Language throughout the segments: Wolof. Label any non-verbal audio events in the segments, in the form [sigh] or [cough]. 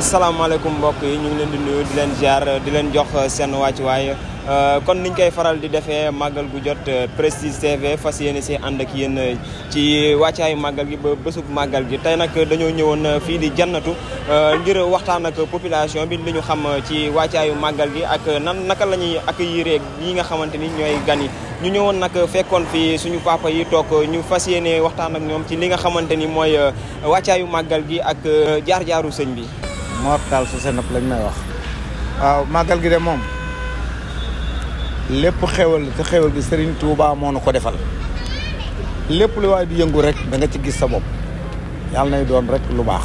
Assalamualaikum mbokk yi ñu ngi leen di nuyu di leen ziar di leen jox seen euh, kon niñ koy faral di defee màggal gu jot euh, Prestige TV fas yéene si ànd ak yéen euh, ci wàccaayu màggal gi ba bésub màggal gi tey nag dañoo ñëwoon fii di jannatu ngir waxtaan ak population bi li ñu xam ci wàccaayu màggal gi ak nan naka la ñuy accueillir yi nga xamante ni ñooy gani ñu ñëwoon nag fekkoon fi suñu papa yi toog ñu fas yéene waxtaan ak ñoom ci li nga xamante ni mooy wàccaayu gi ak jaar-jaaru sëñ bi Mortal su seen lañ may wax waaw màggal gi de moom lépp xewal te xewal gi Serigne Touba moo nu ko defal lépp lu waay di yëngu rek da nga ci gis sa bopp yàlla nay doon rek lu baax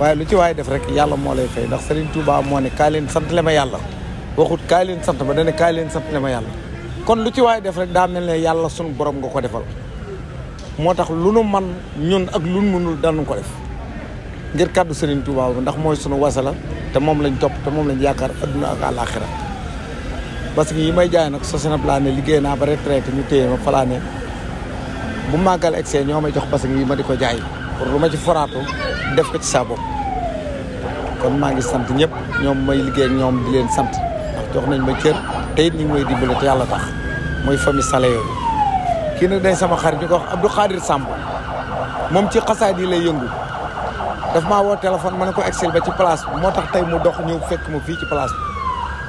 waaye lu ci waay def rek yàlla moo lay fay ndax Serigne Touba moo ne kaay leen sant le ma yàlla waxut kaay leen sant ba dana kaay leen sant le ma yàlla kon lu ci waay def rek daa mel ne yàlla sunu borom nga ko defal moo tax lu nu man ñun ak lu nu mënul danu ko def ngir kàddu Serigne Touba bi ndax mooy sunu wasala te moom lañu topp te moom lañu yaakaar adduna ak àllaaxira parce que yi may jaay nag sosena laa ne liggéey naa ba retraité ñu téye ma falaa bu màggal excès ñoo may jox parce que yi ma di ko jaay pour lu ma ci foraatu def ko ci saa kon maa ngi sant ñëpp ñoom may liggéey ak ñoom di leen sant ndax jox nañ ma cër te it ñu ngi may dimbale te yàlla tax mooy famille Sala yooyu kii nag day sama xarit ñu ko wax Abdou Khadir Samb moom ci xasaay yi lay yëngu daf maa woo téléphone ma ne ko egsil ba ci place bi moo tax tey mu dox ñëw fekk mu fii ci place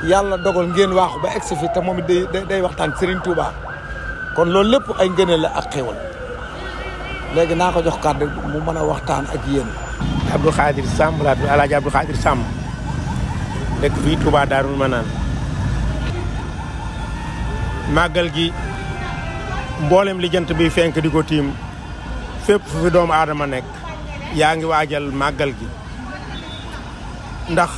yàlla dogal ngéen waaxu ba egsi fi te moom it day day waxtaan Serigne Touba kon loolu lépp ay ngëneel la ak xéwal léegi naa ko jox kàddu mu mën a waxtaan ak yéen. Abdou Khadir Samb laa tudd El Hadj Abdou Khadir Samb dëkk fii gi mboolem li jant bi fenk di ko tiim fépp fu fi doomu aadama nekk. yaa wajal waajal màggal gi ndax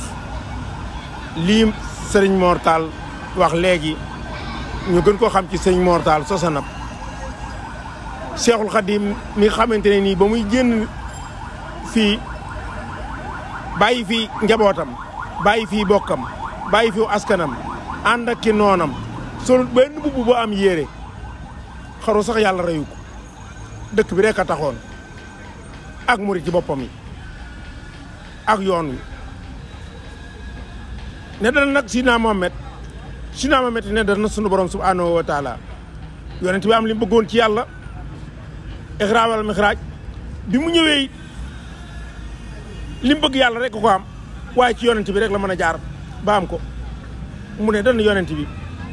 lii sëriñ Mortal wax léegi ñu gën ko xam ci sëriñ Mortal Sosanab Cheikhul Khadim mi xamante ne nii ba muy génn fii bàyyi fi njabootam bàyyi fi bokkam bàyyi fi askanam ànd ak ki noonam sol benn bubu bu am yére xaru sax yàlla reyu ko dëkk bi rek a ak murid ci boppam yi ak yoon yi ne dal nak sina mohammed sina mohammed ne na sunu borom subhanahu wa taala yonent bi am lim beggon ci yalla ixraaj wal bi mu ñewé lim bëgg rek ko am way ci yonent bi rek la mëna jaar ba am ko mu ne dana yonent bi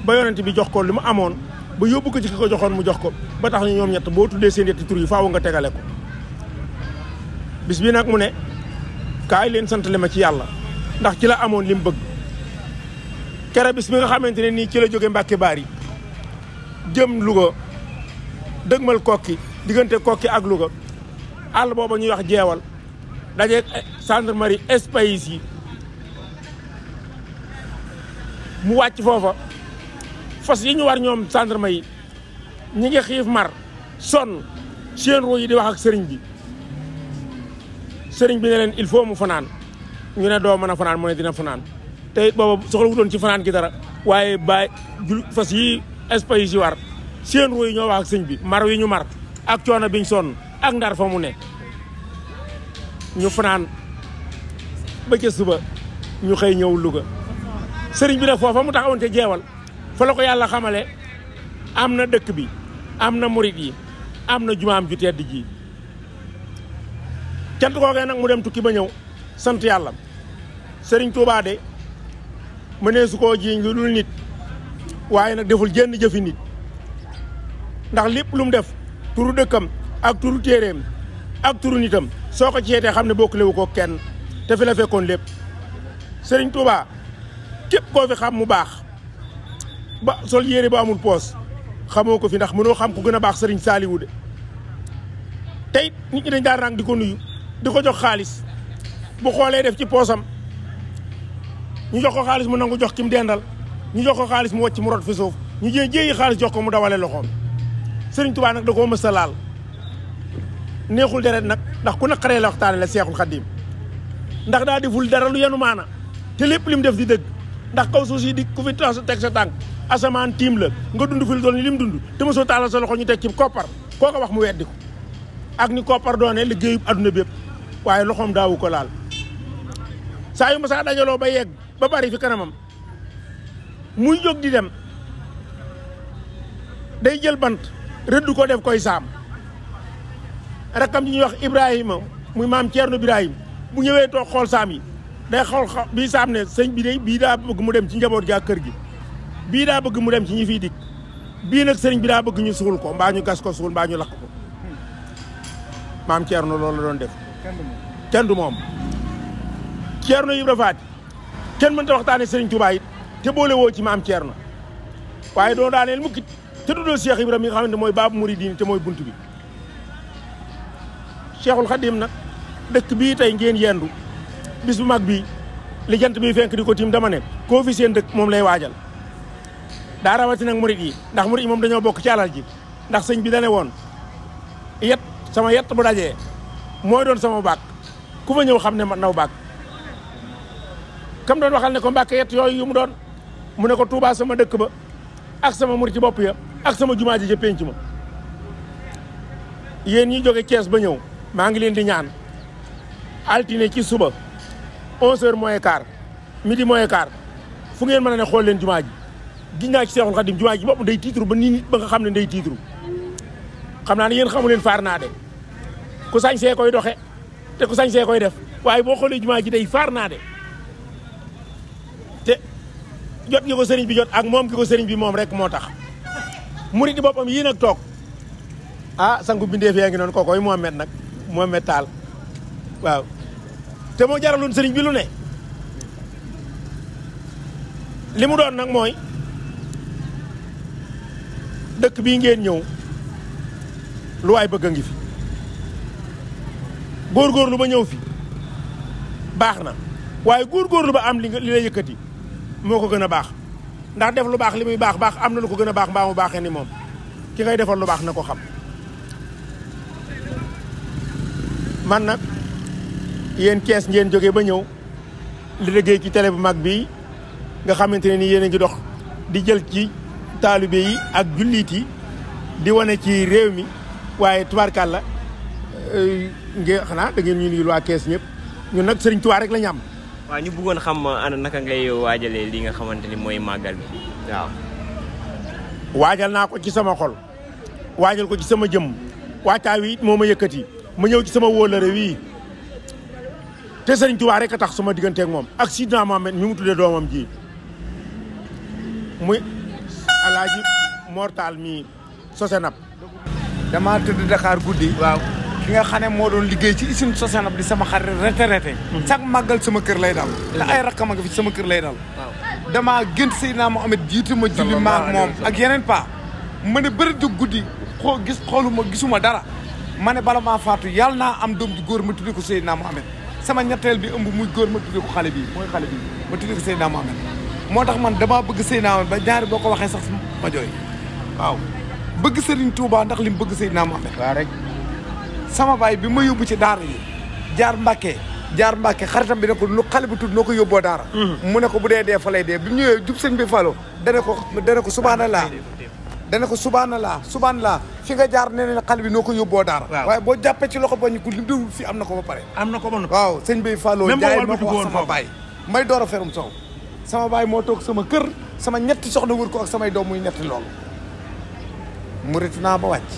ba yonent bi jox ko limu amone ba yobbu ko ci ko joxone mu jox ko ba tax ñu seen tur yi faaw nga tégalé ko bis bi nag mu ne kaay leen santale ma ci yàlla ndax ci la amoon li bëgg kere bis bi nga xamante ne nii ci la jóge Mbàkke Baari jëm Louga dëgmal kokki diggante kokki ak Louga àll booba ñuy wax jeewal dajeeg gendarmerie espace yi mu wàcc foofa fas yi ñu war ñoom gendarme yi ñi ngi xiif mar sonn seen ruu yi di wax ak sëriñ bi sering bi ne len il faut mu fanan ñu ne do meuna fanan mo ne dina fanan tay bobu booba soxla wutoon ci fanan gi dara waye bay jul fas yi espace yi war seen ruy ñoo wax ak bi mar wi ñu mar ak ciona biñ son ak ndar fa mu ne ñu fanan ba ci suba ñu xëy ñëw Louga sëriñ bi mu taxawon te jéewal fa la ko yalla xamalé am dekk bi amna mourid yi amna jumaam ju tedd ji cant googee nag mu dem tukki ba ñëw sant yàlla sëriñ Touba de mënee su koo jiiñ lu dul nit waaye nag deful jenn jëfi nit ndax lépp lu def turu dëkkam ak turu téeréem ak tur turu nitam soo ko ci yeetee xam ne bokkalewu ko kenn te fi la fekkoon lépp sëriñ Touba képp koo fi xam mu baax ba sol yére ba amul poos xamoo ko fi ndax mënoo xam ku gën a baax sëriñ Saliou de tey nit ñi dañ daan rang di ko nuyu diko jox xaalis bu xolé def ci posam ñu jox ko xaalis mu nangu jox kim dendal ñu jox ko xaalis mu wacc mu rot fi suuf ñu jé jéeyi xaalis jox ko mu dawalé loxom serigne touba nak da koo mës laal neexul deret nak ndax ku naqaree la waxtane la cheikhul khadim ndax daa deful dara lu yenu mana te lepp lim def di deug ndax kaw suusi di ku fi trans tek sa tank asaman tim la nga dund fi doon lim dund te mosoo taala sa loxo ñu tek ci koppar koko wax mu weddi ak ni koppar doone liggéeyub aduna bépp waye loxom daawu ko laal sa yu ma saa dajaloo ba yegg ba bari fi kanamam muy jog di dem day jël bant rëdd ko def koy sam rakam ñu wax ibrahim muy mam Ceerno ibrahim bu ñewé xol sam yi day xol bi ne bi day bi da bëgg mu dem ci njaboot ga kër gi bi da bëgg mu dem ci ñi fi dik bi nak señ bi da bëgg ñu suul ko mbaa ñu gas ko suul mbaa ñu lakk ko maam loolu doon def kenn du mom Ceerno Ibra Faati kenn ta waxtane serigne touba yi te bolé wo ci maam Ceerno waye do daaneel mukit, te du Cheikh Ibra mi nga xamante bab baabu muridiin te moy buntu bi Cheikhul Khadim nak dekk bi tay ngeen yendu bis bu mag bi li jant bi fenk diko tim dama ne ko fi seen dëkk moom lay waajal daa rawati nak murit yi ndax murit mom dañu bok ci alal ji ndax serigne bi dane sama yett bu dajé moy doon sama bak, ku fa ñew xamne ma naw bak kam doon waxal ne ko mbàkke yett yoy yu mu doon mu ne ko Touba sama dekk ba ak sama mur ci ya ak sama jumaa ji ca ma yeen ñi joge ties ba ñew ma ngi leen di ñaan altiné ci suba 11h moy quart midi moy quart fu ngeen mëna ne xol leen jumaa ji gis naa ci Seexul khadim jumaa ji bopp day tiitru ba nit ba nga xamne day tiitru xamna ne yéen xamu de ku sañsee koy doxe te ku sañsee koy def waaye boo xoolee jumaa ji tey faar naa de te jot gi ko sëriñ bi jot ak moom gi ko sëriñ bi moom rek moo tax murid di boppam yii nag toog ah sangu bindeef yaa ngi koy kookoy Mohamed nag Mohamed Tall waaw te moo jaraloon sëriñ bi lu ne li mu doon nag mooy dëkk bii ngeen ñëw lu waay bëgg a ngi fi lu ba ñew fi waye na gor lu ba am li li lay yëkëti moko gëna bax ndax def lu bax limuy bax bax am na lu ko gëna bax baax baxé ni mom ki ngay defal lu bax na ko xam man nak yeen kess ngeen joggé ba ñew li reggé ci télé bu mag bi nga xamanteni ni yeen ngi dox di jël ci talibé yi ak julliti di wone ci réew mi waaye tubaarkàlla euh, ngeen xanaa da ngeen ñu nuyul waa kees ñëpp ñun nag Serigne Touba rek la ñu am. waaw ñu bëggoon xam ana naka ngay waajalee li nga xamante ni mooy màggal bi waaw. waajal naa ko ci sama xol waajal ko ci sama jëm waacaa wi it moo ma yëkkati ci sama wóolare wii te Serigne Touba rek tax sama digganteeg moom ak Sidna Mohamed mi mu tuddee doomam ji muy alaaji Mortal mi sose nap. damaa tëdd Dakar guddi waaw. ki nga xam ne moo doon liggéey ci usine sosanab di sama xarit retraité mhm. chaque màggal sama kër lay dal mhm. te ay rakkam a nga fi sama kër lay dal damaa gént Seydina Mohamed jiitu ma julli maag moom ak yeneen pa ma ne bëri di guddi xoo gis xooluma gisuma dara ma ne bala maa faatu yàlla naa am doom ju góor ma tudde ko Seydina Mohamed sama ñetteel bi ëmb muy góor ma ko xale bi mooy xale bi ma ko Seydina Mohamed moo tax man damaa bëgg Seydina Mohamed ba ñaari boo ko waxee sax ma jooy waaw bëgg Serigne Touba ndax li mu bëgg Seydina Mohamed waaw rek sama baay bi ma yóbbu ci daara yi jaar Mbàkke jaar Mbàkke xaritam bi ne ko lu xale bu tudd noo ko yóbboo daara mhm. mu ne ko bu dee dee fa lay dee bi mu ñëwee jub sëñ bi falo dana ko dana ko subhanallah dana ko subhanallah subhanallah fi nga jaar nee na xale bi noo ko yóbboo daara waaye boo jàppee ci loxo bañu ku li mu fi am na ko ba pare am na ko ba waaw sëñ bi falo jaay ma ko wax sama baay may door a ferum sow sama baay moo toog sama kër sama ñetti soxna wër ko ak samay doom muy ñetti loolu murit naa ba wàcc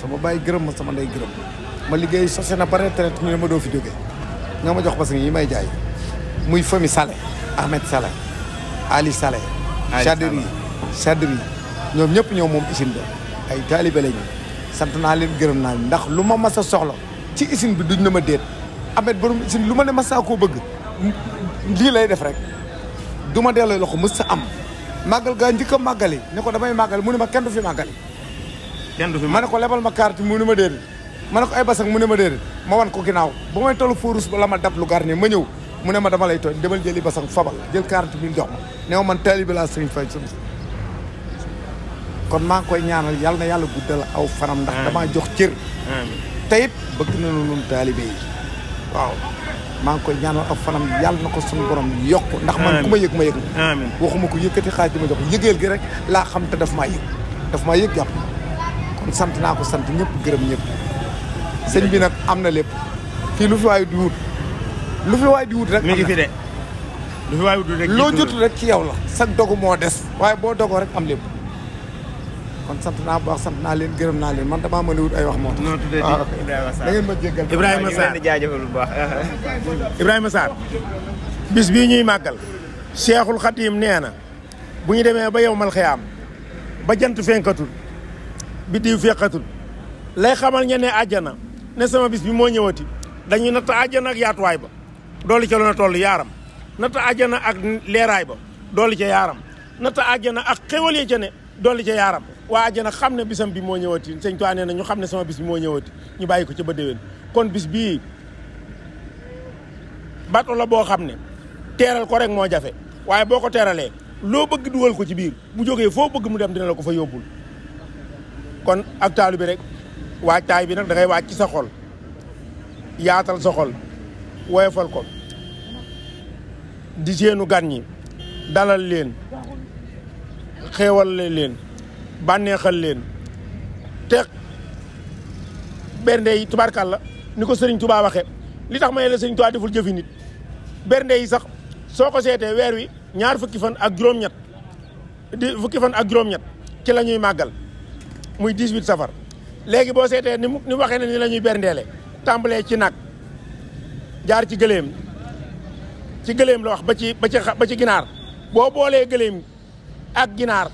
sama baay gërëm ma sama ndey gërëm ma liggéey sosé na ba retraite ñu ne ma doo fi jóge nga ma jox parce que yi may jaay muy fami Salé Ahmed Salé Ali Salé Chadri Chadri ñoom ñëpp ñoo moom isin do ay talibé lañu sant naa leen gërëm naa ndax lu ma mas a soxla ci isin bi duñ na ma déet Ahmed borom isin lu ma ne mas a koo bëgg lii lay def rek du ma delloo loxo mës sa am màggal gaa njëkk a màggali ne ko damay màggali mu ne ma kenn du fi màggali kenn du fi ma ne ko lebal ma carte mu ne ma déedéet ma ne ko ay eh, basang mu ne ma déedéet ma wan ko ginnaaw ba may tollu forus ba la ma dab lu garni ma ñëw mu ne ma dama lay tooñ demal jëli basang fabal jël 40 000 jox ma ne ma man taalibe laa sëriñ fay sam kon maa ngi koy ñaanal yàlla na yàlla aw fanam ndax jox te bëgg na nun ngi koy ñaanal aw fanam yàlla na ko suma borom yokk ndax man ku ma yëg ma yëg na waxuma ko yëkkati xaaj di ma jox yëgeel gi rek laa xam te dafa maa yëg daf ma yëg jàpp kon sant naa ko sant ñëpp gërëm ñëpp sëñ bi nag am na lépp fii lu fi waay di wut lu fi waay di wut rek mi ngi lu fi rek loo jot rek ci yow la sag dogu moo des waaye boo dogoo rek am lépp kon sant naa baax sant naa leen gërëm naa leen man damaa mën a wut ay wax moo tax. non tuddee ah, Ibrahima Sarr da ngeen ma jéggal. [laughs] Ibrahima Sarr jaajëfal bis bii ñuy màggal. Cheikhul Khadim nee na bu ñu demee ba yow mal xiyaam ba jant fenkatul biddiw fekkatul lay xamal ñenn ne ne sama bis bi moo ñëwati dañuy natt àjjana ak yaatuwaay ba dooli ca la na toll yaaram natt àjjana ak leeraay ba dooli ca yaaram natt àjjana ak xéwal ya ca ne dooli ca yaaram waa àjjana xam ne bisam bi moo ñëwati sëñ Tuubaa nee na ñu xam ne sama bis bi moo ñëwati ñu bàyyi ko ca ba déwén kon bis bii bato boo xam ne teeral ko rek moo jafe waaye boo ko teeralee loo bëgg dugal ko ci biir bu jógee foo bëgg mu dem dina la ko fa yóbbul kon ak taalu bi rek waajtaay bi nag da ngay waaj ci sa xol yaatal sa xol woyofal ko di seenu gan ñi dalal leen xewal xeewal leen bànneexal leen te bernde yi tubaarkàlla ni ko sëriñ tubaa waxe li tax ma ne la sëriñ tubaa deful jëfi nit bernde yi sax soo ko seetee weer wi ñaar fukki fan ak juróom-ñett ci lañuy màggal muy 18 safar léegi boo seetee ni mu ni waxee ne ni la ñuy berndeele tàmbalee ci nag jaar ci gëléem ci gëléem la wax ba ci ci ci ginaar boo boolee gëléem ak ginaar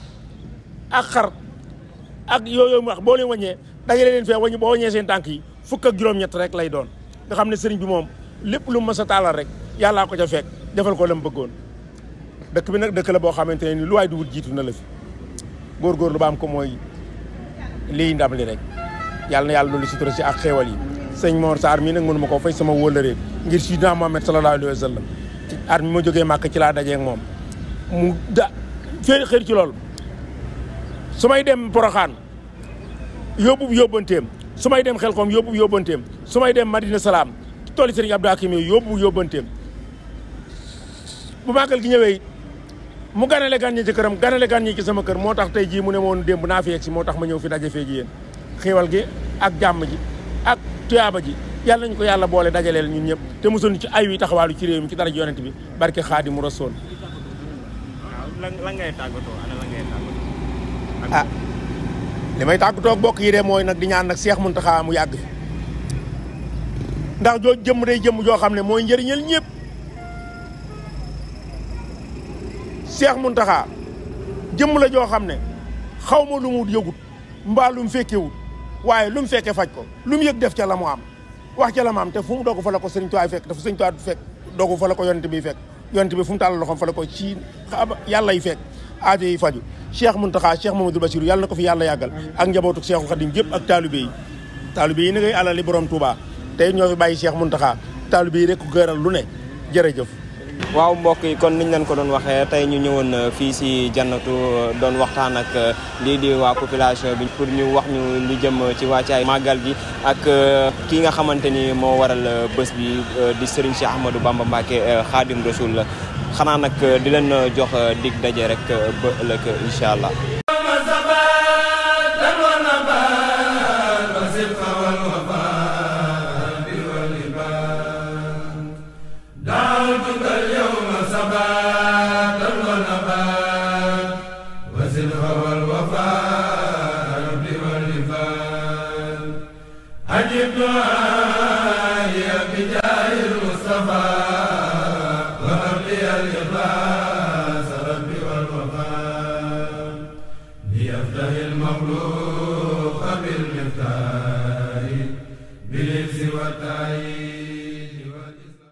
ak xar ak yooyu mu wax boo leen waññee dajale leen fee wañ boo waññee seen tànk yi fukk ak juróom-ñett rek lay doon nga xam ne sëriñ bi moom lépp lu mës a taalal rek yàllaa ko ca fekk defal ko la mu bëggoon dëkk bi nag dëkk la boo xamante ne ni lu waay du wut jiitu na la fi góorgóorlu ba am ko mooy li ndam li rek yalla yalla yàlla ci sutura si ak xewal yi seigne Mor sar mi nak mënu ko fay sama wóllëre ngir sidna mohammed sallallahu alayhi wasallam ci armi mo ma jógee ci la dajee ak mom mu da fee xër ci loolu sumay dem Poroxaan yobub yobantem sumay dem Xelkom yobub yobantem sumay dem Madina salam. toli serigne Abdou Hakim yobub yobantem bu makal gi ñëwee mu ganale gan ñi ci kërëm ganale gan ñi ci sama kër motax tay ji mu ne woon demb na fi ci si ma ñëw fi dajé fee ji yeen xéewal gi ak jamm ji ak tiyaba ji yalla ñu ko yalla boole dajaleel ñun ñëpp te mosoon ci ay wi taxawalu ci réew ci dara yonent bi barke khadim rasool lan ngay tagoto ana lan ngay tagoto ah limay tagoto ak bokk yi de moy nak di ñaan nak cheikh muntaha mu yagg ndax joo jëmm Cheikh Mountakha jëmm la joo xam ne xaw ma lu mu yëgut mbaa lum mu fekkewut waaye lu mu fekkee faj ko lu mu yëg def ca la mu am wax ca la mu am te fu mu doog fa la ko sëriñ Tuubaa fekk dafa sëriñ Tuubaa fekk doogu fa la ko yonent bi fekk yonent bi fu mu tàllal loxoom fa la ko ci yàlla yi fekk aajo yi faju Cheikh Mountakha Cheikh Mamadou Bassirou yàlla na ko fi yàlla yàggal ak njabootu Cheikhu Khadim yëpp ak taalibe yi taalibe yi ni ngay alali borom Touba tey ñoo fi bàyyi Cheikh Mountakha taalibe yi rek ko gëral lu ne jëf waaw mbokk yi kon niñ leen ko doon waxee tey ñu ñëwoon euh, fii si jannatu euh, doon waxtaan ak euh, lii di waa population bi pour ñu wax ñu li jëm ci wàccaay màggal bi ak ki nga xamante ni moo waral bés bi di Serigne Cheikh Ahmadou Bamba Mbacké Khadim la xanaa nag di leen jox dig daje rek ba ëllëg incha allah. Baba